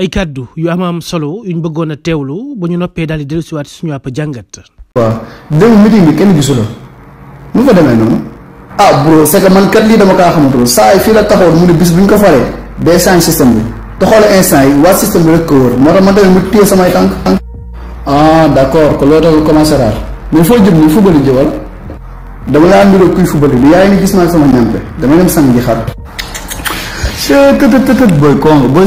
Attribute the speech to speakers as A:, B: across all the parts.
A: ay kàddu yu am am solo yu ñu bëggoon a teewlu ba ñu noppee daal di dellusiwaat suñu àpp jàngat.
B: waaw dem meeting bi kenn gisu la nu fa demee noonu ah bro c'est que man kat lii dama kaa xamatul saa yi fii la taxawoon mu ne bis bu ñu ko faree day change système bi te instant yi waa système bi rek ko wër moo tax man tamit mu téye samay tànk. ah d'accord que loolu dafa commencé raar mais foo jëm nii football ji dama laa niroo kuy football bi gis naa sama ñampe dama dem sang ji xar. c' est tout tout tout booy kong booy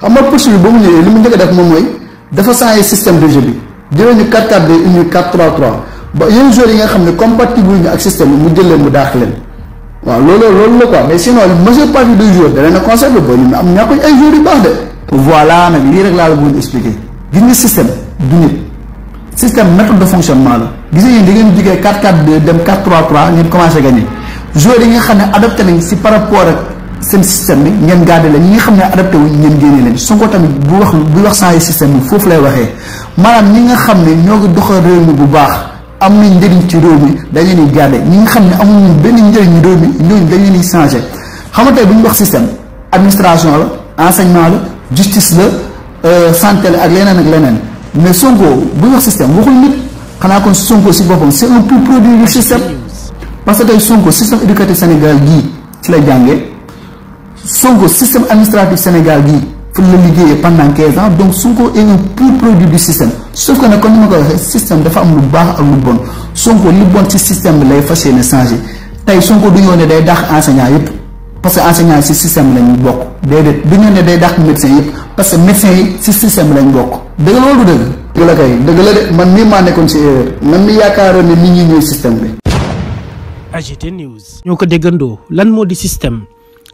B: xam nga coach bi ba mu ñëwee li mu njëkk a def moom mooy dafa changé système de jeu bi jëlee ñu 4-4-2 indi 4-3-3 ba yenn joueurs yi nga xam ne compatible ñu ak système bi mu jël leen mu daax leen waaw loolu loolu la quoi mais sinon majeure partie des joueurs da leen a conservé ba ñu am ñàkkuñ ay joueurs yu baax de. voilà nag lii rek laa la bëggoon expliquer gis nga système du nit système méthode de fonctionnement la gis ngeen da ngeen jugee 4-4-2 dem 4-3-3 ngeen ne adopté nañ si par rapport ak. seen système bi ngeen garder leen ñi nga xam ne adapté wuñ ngeen génne leen Sonko tamit bu wax bu wax changé système bi foofu lay waxee maanaam ñi nga xam ne ñoo ngi doxal réew mi bu baax am nañ njëriñ ci réew mi dañ leen di garder ñi nga xam ne amuñ benn njëriñ réew mi ñooñu dañ ni di changé xam nga tey bu ñu wax système administration la enseignement la justice la euh, santé la ak leneen ak leneen mais Sonko bu ñu wax système waxul nit xanaa kon Sonko si boppam c'est un pur produit du système parce que tey Sonko système éducatif Sénégal gii ci la jàngee. Sonko système administratif Sénégal gi fu la liggéeyee pendant 15 ans donc Sonko est un pur produit du système sauf que nag comme ma ko waxee système dafa am lu baax ak lu bon Sonko li bon ci système bi lay fas yéene changé tey Sonko du ñëw ne day dàq enseignant yëpp parce que enseignant yi ci système lañu bokk déedéet du ñëw ne day dàq médecin yëpp parce que médecin yi ci système lañ bokk dëgg loolu dëgg. dëgg la kay dëgg la de man mii maa nekkoon ci erreur ne nit ñi ñooy système bi.
A: AGT News. ñoo ko déggandoo lan moo di système.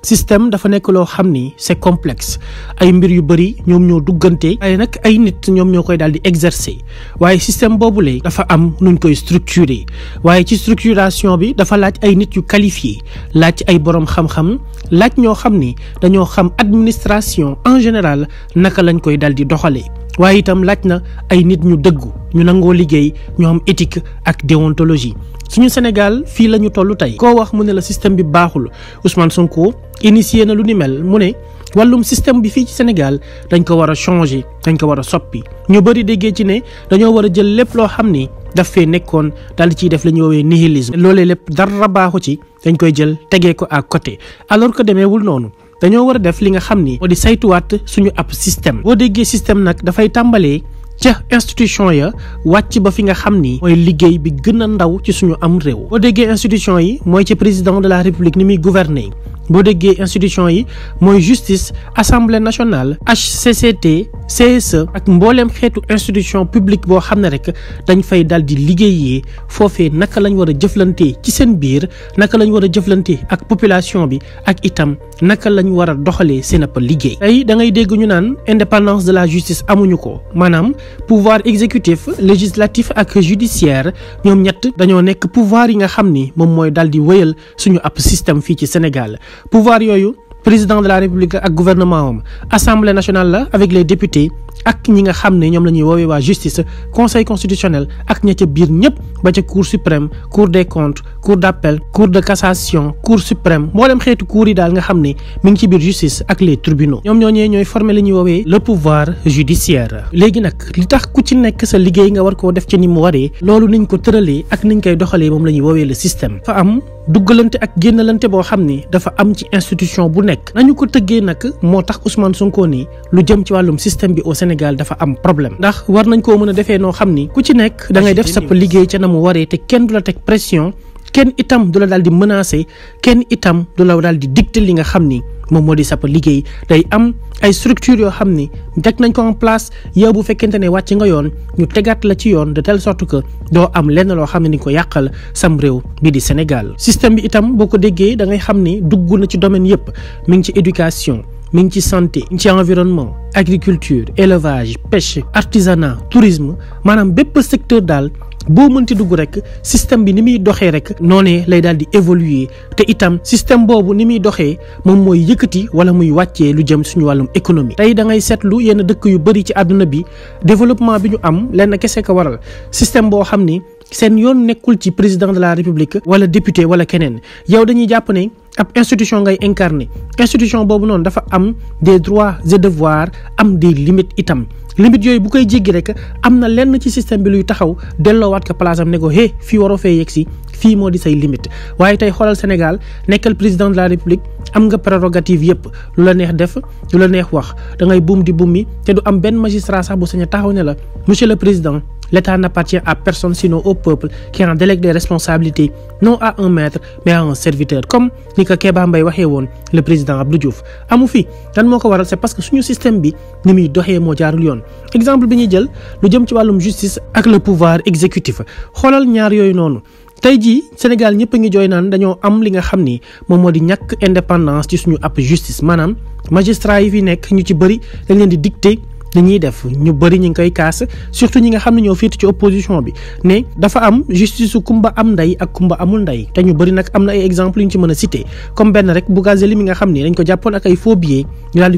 A: système dafa nekk loo xam ni c'est complexe ay mbir yu bëri ñoom ñoo duggante waaye nag ay nit ñoom ñoo koy daal di exercer waaye système boobule dafa am nuñ koy structurer waaye ci structuration bi dafa laaj ay nit yu qualifié laaj ay borom xam-xam laaj ñoo xam ni dañoo xam administration en général naka lañ koy dal di doxalee. waaye itam laaj na ay nit ñu dëggu ñu nangoo liggéey ñu am éthique ak déontologie suñu Sénégal fii la ñu toll tey. koo wax mu ne la système bi baaxul Ousmane Sonko initié na lu ni mel mu ne wàllum système bi fii ci Sénégal dañ ko war a changer dañ ko war a soppi ñu bëri déggee ci ne dañoo war a jël lépp loo xam ni daf fee nekkoon daal di ciy def la ñuy woowee nihilisme. loolee lépp dara baaxu ci dañ koy jël tegee ko ak côté alors que demeewul noonu. dañoo war a def li nga xam ni moo di saytuwaat suñu ab système boo déggee système nag dafay tàmbalee ca institution ya wàcc ba fi nga xam ni mooy liggéey bi gën a ndaw ci suñu am réew boo déggee institution yi mooy ci président de la république ni muy gouverner boo déggee institution yi mooy justice assemblée nationale HCCT CSE ak mbooleem xeetu institution publique boo xam ne rek dañ fay dal di liggéeyee foofee naka lañ war a jëflantee ci seen biir naka lañ war a jëflantee ak population bi ak itam naka lañu war a doxalee seen ab liggéey. tey da ngay dégg ñu naan indépendance de la justice amuñu ko maanaam pouvoir exécutif législatif ak judiciaire ñoom ñett dañoo nekk pouvoir yi nga xam ni moom mooy dal di wëyal suñu ab système fii ci Sénégal. pouvoir yooyu président de la république ak gouvernement am assemblée nationale la avec les députés ak ñi nga xam ne ñoom la ñuy woowee waa justice conseil constitutionnel ak ña ca biir ñëpp ba ca cour suprême cour des comptes cour d'appel cour de cassation cour suprême mboolem xeetu cour yi daal nga xam ne mu ngi ci biir justice ak les tribunaux ñoom ñooñee ñooy former li ñuy woowee le pouvoir judiciaire. léegi nag li tax ku ci nekk sa liggéey nga war koo def ci ni mu waree loolu niñ ko tëralee ak niñ koy doxalee moom la ñuy woowee le système am duggalante ak génnalante boo xam ni dafa am ci institution bu nekk nañu ko tëggee nag moo tax Ousmane Sonko nii lu jëm ci wàllum système bi au Sénégal dafa am problème ndax war nañ koo mën a defee noo xam ni ku ci nekk da ngay def sa liggéey ca na mu waree te kenn du la teg pression kenn itam du la daal di menacer kenn itam du la daal di dicter li nga xam ni moom moo di sab liggéey day am ay structure yoo xam ni teg nañ ko en place yow bu fekkente ne wàcc nga yoon ñu tegaat la ci yoon de telle sorte que doo am lenn loo xam ne ni ko yàqal sam réew bi di Sénégal système bi itam boo ko déggee dangay xam ni dugg na ci domaine yëpp mi ngi ci éducation mi ngi ci santé ci environnement agriculture élevage pêche artisana tourisme maanaam bépp secteur daal boo mënti dugg rek système bi ni muy doxee rek noone lay daal di évoluer te itam système boobu ni muy doxee moom mooy yëkkati wala muy wàccee lu jëm suñu wàllum économie. tey da ngay seetlu yenn dëkk yu bëri ci àdduna bi développement bi ñu am lenn kese ko waral système boo xam ni. seen yoon nekkul ci président de la république wala député wala keneen yow dañuy jàpp ne ab institution ngay incarné institution boobu noonu dafa am des droits de devoirs am des limites itam limite yooyu bu koy jéggi rek am na lenn ci système bi luy taxaw delloowaat ko place am ne ko hé fii waroo fee yegg si fii moo di say limite waaye tey xoolal Sénégal nekkal président de la république am nga prérogative yépp lu la neex def lu la neex wax da ngay buum di buum mi te du am benn magistrat sax bu taxaw ne la monsieur le président L'État n'appartient à personne sinon au peuple qui en délègue des responsabilités, non à un maître mais à un serviteur comme ni ko Kéba mbay waxee woon le président Abdou Diouf amu fi dan moo ko waral c'est parce que suñu système bi ni muy doxee moo jaarul yoon exemple bi ñuy jël lu jëm ci wàllum justice ak le pouvoir exécutif xoolal ñaar yooyu noonu tey jii Sénégal ñëpp a ngi jooy naan dañoo am li nga xam ni moom moo di ñàkk indépendance ci suñu ab justice maanaam magistrat yi fi nekk ñu ci bëri dañ leen di dicter li ñuy def ñu bëri ñu ngi koy kaas surtout ñi nga xam ne ñoo féetu ci opposition bi ne dafa am justice su kumba am ndey ak kumba amul ndey te ñu bari nag am na ay exemples yu ñu ci mën a cité comme benn rek li mi nga xam ne dañ ko jàppoon ak ay faux billets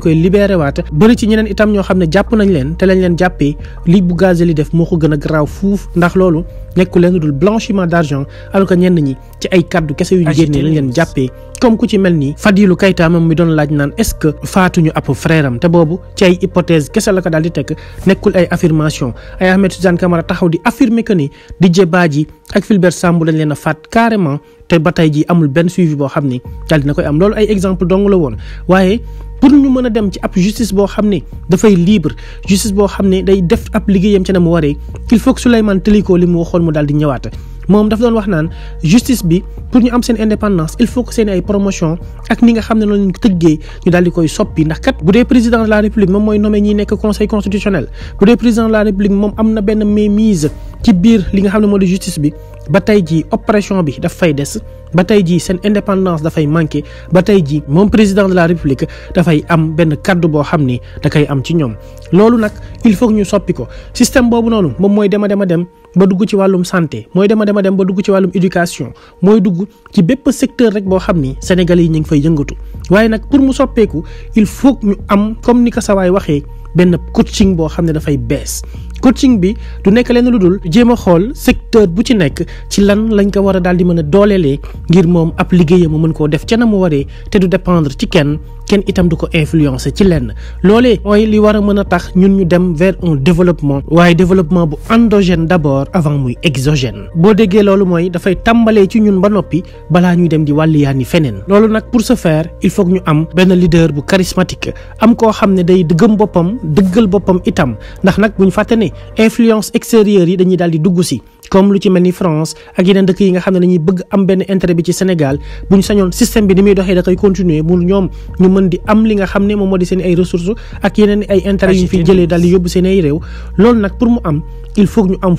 A: koy libéré waat bëri ci ñeneen itam ñoo xam ne jàpp nañ leen te lañ leen jàppee li li def moo ko gën a garaaw fuuf ndax loolu nekku leen dul blanchiment d'argent alors que ñenn ñi ci ay kàddu kese yu ñu génnee lañ leen jàppee comme ku ci mel nii Fadilou Keita moom mi doon laaj naan est-ce que faatuñu ab frère am te boobu ci ay hypothèse kese la ko daal di tekk nekkul ay affirmation ay Ahmed Suzanne Camara taxaw di affirmer que ni Didier Badji ak Fulbert Sambou lañ leen a faat carrément te ba tey jii amul benn suivi boo xam ni daal dina koy am loolu ay exemple dong la woon waaye pour ñu mën a dem ci ab justice boo xam ne dafay libre justice boo xam ne day def ab liggéeyam ca na mu waree il faut que Souleymane Téliko li mu waxoon mu daal di ñëwaat moom daf doon wax naan justice bi pour ñu am seen indépendance il faut que seen ay promotion ak ni nga xam ne noonu lañ ko tëggee ñu daal di koy soppi ndax kat bu dee président de la république moom mooy nommé ñi nekk conseil constitutionnel bu dee président de la république moom am na benn mainmise ci biir li nga xam ne moo di justice bi ba tey jii oppression bi daf fay des ba tey jii seen indépendance dafay manqué ba tey jii moom président de la république dafay am benn kaddu boo xam ni da koy am ci ñoom loolu nag il faut ñu soppi ko système boobu noonu moom mooy dema dema dem ba dugg ci wàllum santé mooy dema dema dem ba dugg ci wàllum éducation mooy dugg ci bépp secteur rek boo xam ni sénégal yi ñu ngi fay yëngatu waaye nag pour mu soppeeku il faut ñu am comme ni ko sawaay waxee benn coaching boo xam ne dafay bees coaching bi du nekk leen lu dul jéem a xool secteur bu ci nekk ci lan lañ ko war a daal di mën a dooleelee ngir moom ab liggéeyam mu mën koo def ca na mu waree te du dépendre ci kenn kenn itam du ko influencer ci lenn loole mooy li war a mën a tax ñun ñu dem vers un développement waaye développement bu endogène d'abord avant muy exogène boo déggee loolu mooy dafay tàmbalee ci ñun ba noppi balaa ñuy dem di wàlliyaani feneen loolu nag pour ce faire il faut que ñu am benn leader bu charismatique am koo xam ne day gëm boppam dëggal boppam itam ndax nag bu ñu fàtte ne influence extérieure yi dañuy daal di dugg si comme lu ci mel ni France ak yeneen dëkk yi nga xam ne dañuy bëgg am benn intérêt bi ci Sénégal sañoon système bi ni doxee da koy continuer mu ñoom mën di nga xam ne moom moo di seen ay ressources ak yeneen ay intérêt yu ñu fi jëlee daal di yóbbu seen ay réew loolu nag pour mu am il faut ñu am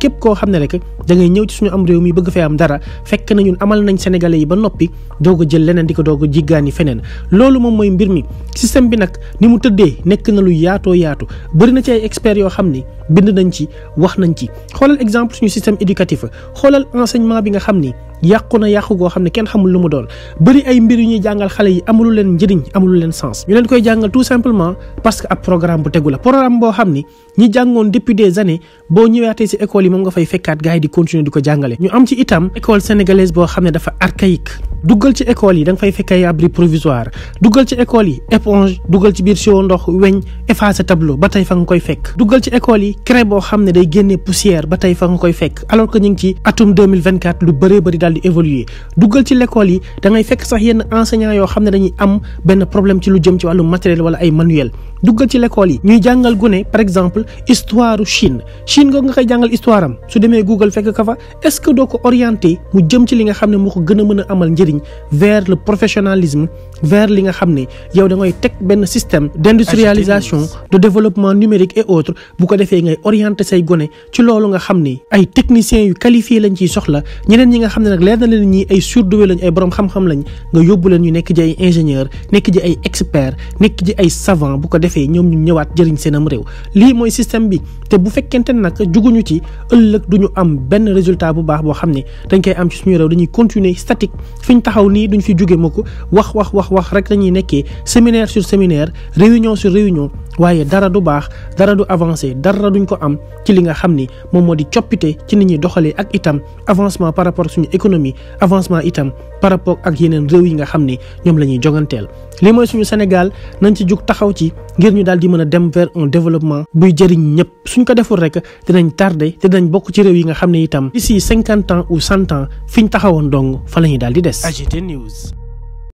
A: képp koo xam ne rek da ngay ñëw ci suñu am réew mi bëgg fee am dara fekk na ñun amal nañ sénégalais yi ba noppi doog a jël leneen di ko doog a jiggaani feneen loolu moom mooy mbir mi système bi nag ni mu tëddee nekk na lu yaatoo yaatu bëri na ci ay experts yoo xam ne bind nañ ci wax nañ ci xoolal exemple suñu système éducatif xoolal enseignement bi nga xam ni yàqu na yàqu goo xam ne kenn xamul lu mu doon bëri ay mbir yu ñuy jàngal xale yi amulu leen njëriñ amulu leen sens ñu leen koy jàngal tout simplement parce que ab programme bu tegu la programme boo xam ni ñi jàngoon depuis des années boo école yi moom nga fay fekkaat gars yi di ñu am ci itam école sénégalaise boo xam ne dafa archaïque duggal ci école yi da nga fay fekk ay abri provisoire duggal ci école yi éponge duggal ci biir siwo ndox weñ effacé tableau ba tey fa nga koy fekk duggal ci école yi craie boo xam ne day génnee poussière ba tey fa nga koy fekk alors que daal di évoluer duggal ci l'école yi da ngay fekk sax yenn enseignants yoo xam ne dañuy am benn problème ci lu jëm ci wàllu matériel wala ay manuel duggal ci l'école yi ñuy jàngal gune par exemple histoire Chine Chine googu nga koy jàngal histoire am su demee Google fekk ka fa est-ce que doo ko orienté mu jëm ci li nga xam ne moo ko gën a mën a amal njëriñ vers le professionnalisme vers li nga xam ne yow da ngay teg benn système d'industrialisation de développement numérique et autres bu ko defee ngay orienté say gone ci loolu nga xam ne ay techniciens yu qualifiés nag leer na leen ñi ay surdoué ay borom xam-xam lañ nga yóbbu leen ñu nekk ji ay ingénieur nekk ji ay expert nekk ji ay savant bu ko defee ñoom ñu ñëwaat jëriñ seenam réew lii mooy système bi te bu fekkente nag juguñu ci ëllëg ñu am benn résultat bu baax boo xam ne dañ koy am ci suñu réew dañuy continuer statique fi ñu taxaw nii duñ fi jóge ma ko wax wax wax wax rek dañuy nekkee séminaire sur séminaire réunion sur réunion waaye dara du baax dara du avancé dara duñ ko am ci li nga xam ni moom moo di coppite ci ni ñuy doxalee ak itam avancement par rapport suñu économie économie avancement itam par rapport ak yeneen réew yi nga xam ne ñoom la ñuy joganteel lii mooy suñu Sénégal nañ ci jug taxaw ci ngir ñu daal di mën a dem vers un développement buy jëriñ ñëpp suñ ko deful rek dinañ tardé te dinañ bokk ci réew yi nga xam ne itam d'ici cinquante ans ou cent ans fi ñu taxawoon dong fa la ñuy daal di des. AGT News.